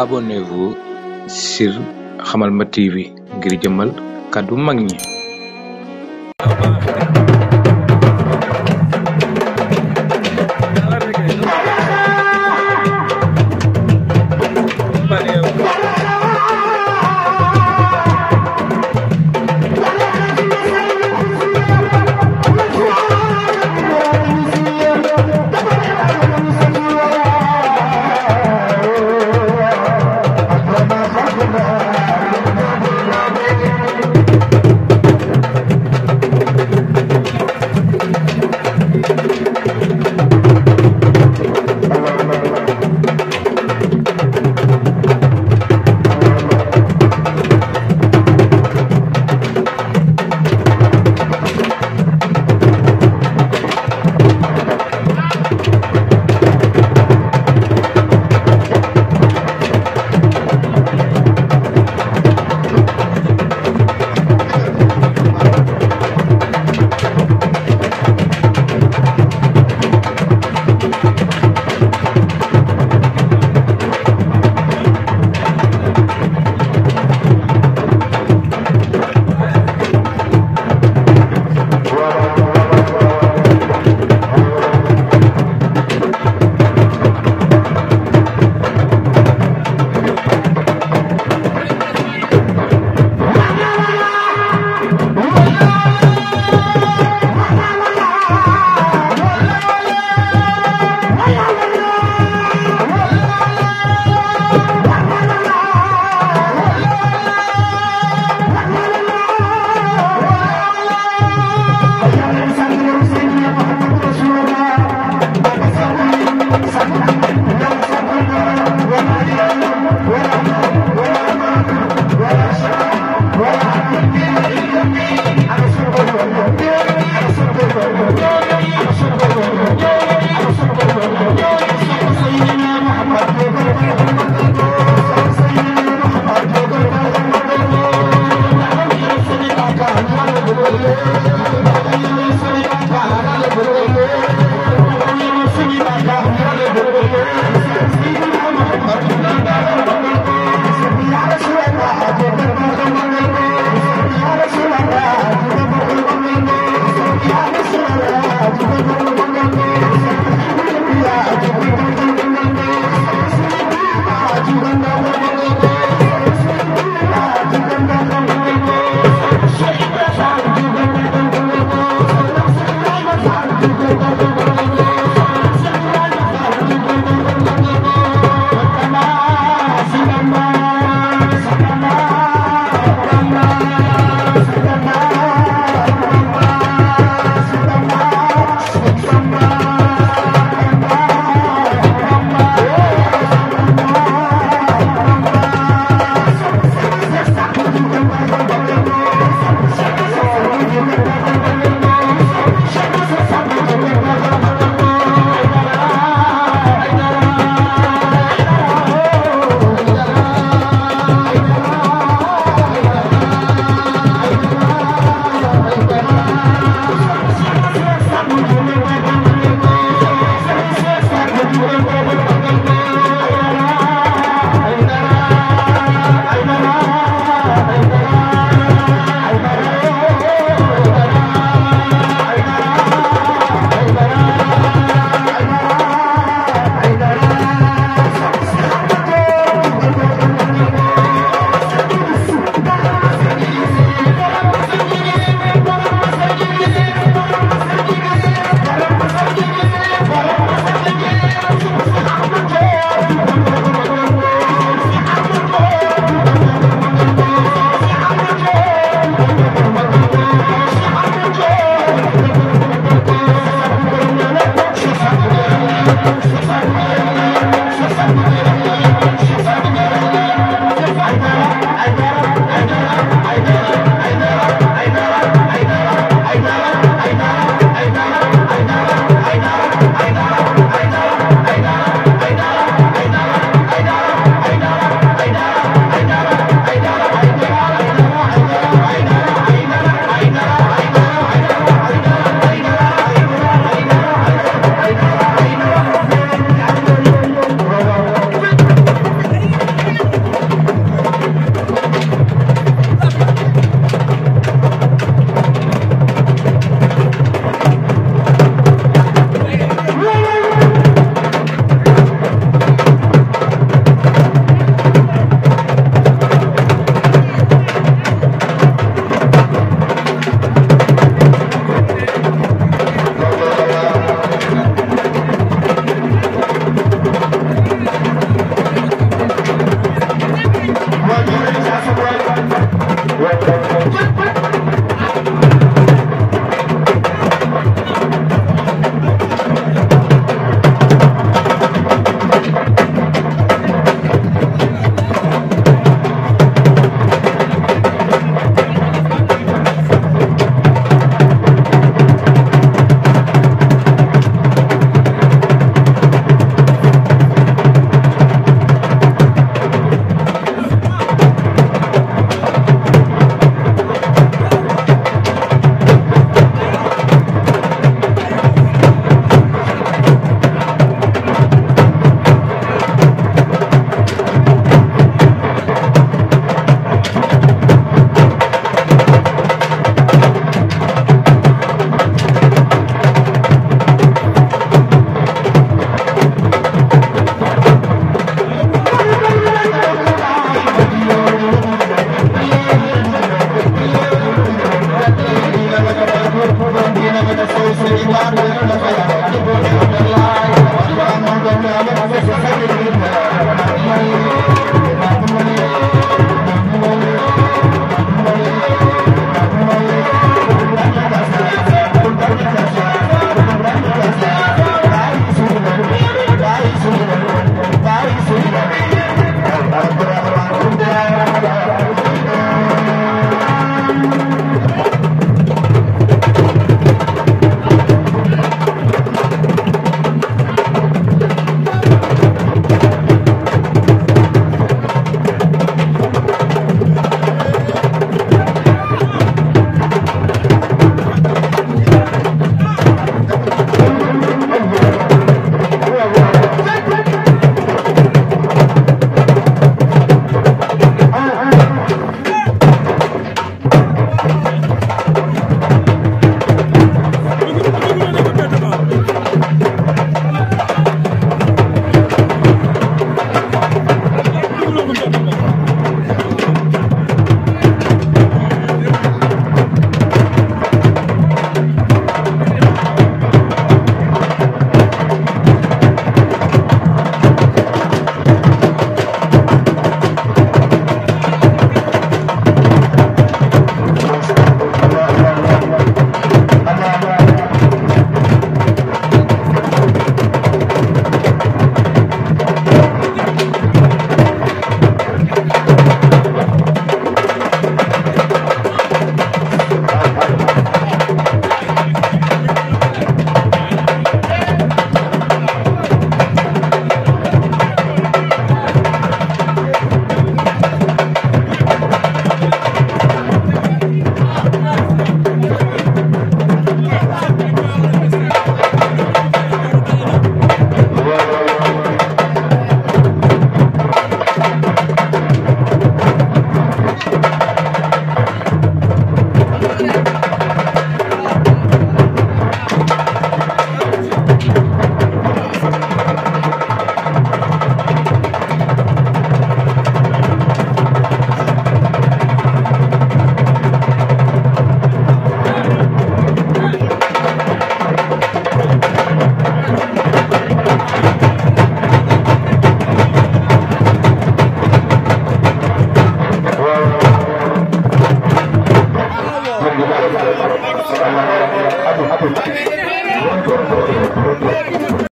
abonnez sir xamal Hamalma TV ngir jëmmal kàddu mag ñi Thank you.